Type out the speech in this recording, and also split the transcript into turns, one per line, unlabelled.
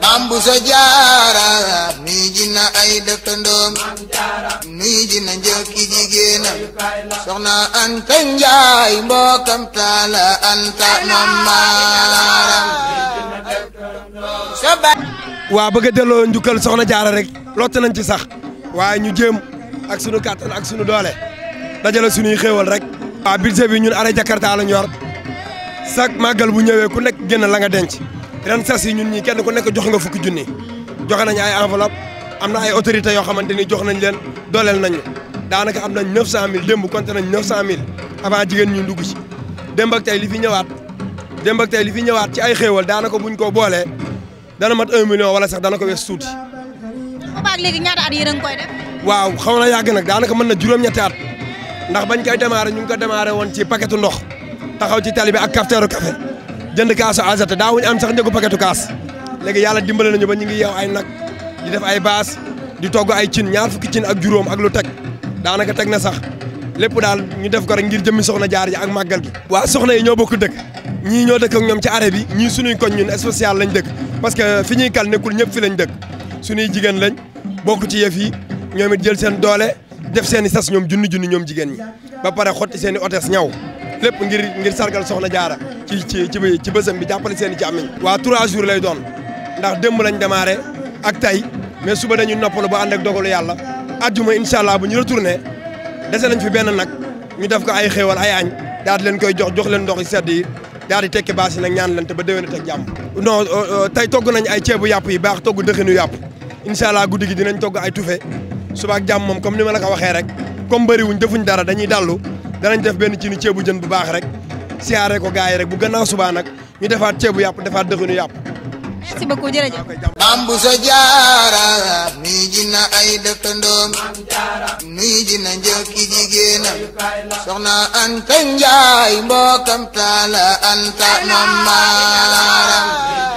maam bu sa jaara nuy ji na ay dëkkandoom nuy ji na njëkki jigéenam soxna anta njaay mbokkam taala anta maam maaram
waa bëgg a delloo njukkal soxna jaara rek lott nañ ci sax waaye ñu jëm ak sunu kàttan ak sunu doole dajale sunuy xéewal rek waa budget bi ñun arrêt Jakarta la ñu yor chaque màggal bu ñëwee ku nekk génn la nga denc ren sas yi ñun ñi kenn ku nekk jox nga fukki junni joxe nañ ay enveloppe am na ay autorités yoo xamante ni jox nañ leen dooleel nañu daanaka am nañ 900000 démb compté nañ 900000 avant jigéen ñu dugg ci démb ak tey li fi ñëwaat démb ak tey li ñëwaat ci ay xéewal daanaka buñ ko boolee dana mat 1 million wala sax dana ko wees suuti.
boobaag léegi ñaata at yéen a
waaw xaw na yàgg nag daanaka mën na juróom-ñetti at ndax bañ koy démarré ñu ngi ko démarré woon ci paquetu ndox taxaw ci tali bi ak cafteeru jënd kaasu azata daawuñu am sax njëgu paquetu kaas léegi yàlla dimbale nañu ba ñu ngi yeew ay nag di def ay baas di togg ay cin ñaar fukki cin ak juróom ak lu teg daanaka teg na sax lépp daal ñu def ko rek ngir jëmmi soxna jaar yi ak màggal gi waa soxna yi ñoo bokk dëkk ñii ñoo dëkk ak ñoom ci arrêt bi ñii suñuy koñ ñun spécial lañ dëkk parce que fi ñuy kal nekkul ñëpp fi lañu dëkk suñuy jigéen lañ bokk ci yëf yi ñoom it jël seen doole def seen i sas ñoom junni junni ñoom jigéen ba pare xotti seen i otes ñaw lépp ngir ngir sargal soxna jaara ci ci ci bësam bi jàppale seen i ci amiñ waa trois jours lay doon ndax démb lañ démarré ak tay mais suba dañu noppalu ba ànd ak dogalu yàlla ajjuma incha allah bu ñu retourné dese nañ fi benn nag ñu def ko ay xéewal ay añ daal leen koy jox jox leen ndox yi sedd yi daal di tekki baas yi ñaan leen te ba déwéne teg jàmm non euh, euh, tey togg nañ ay ceebu yàpp yi baax togg dëxinu yàpp incha allah guddi gi dinañ togg ay tufe suba ak jàmm moom comme ni ma la ko waxee rek comme bëriwuñ defuñ dara dañuy dallu danañ def benn ci ni ceebu jën bu baax rek siyaare ko gars yi rek bu gannaaw suba nag ñu defaat ceebu yàpp defaat dëxinu yàpp.
merci a jërëjëf. Mambu sa jaara nuyu ji na ay dëkkandoom nuyu ji na njëkki jigéenam soxna Anta Njaay mbokkam taala Anta Mamaram.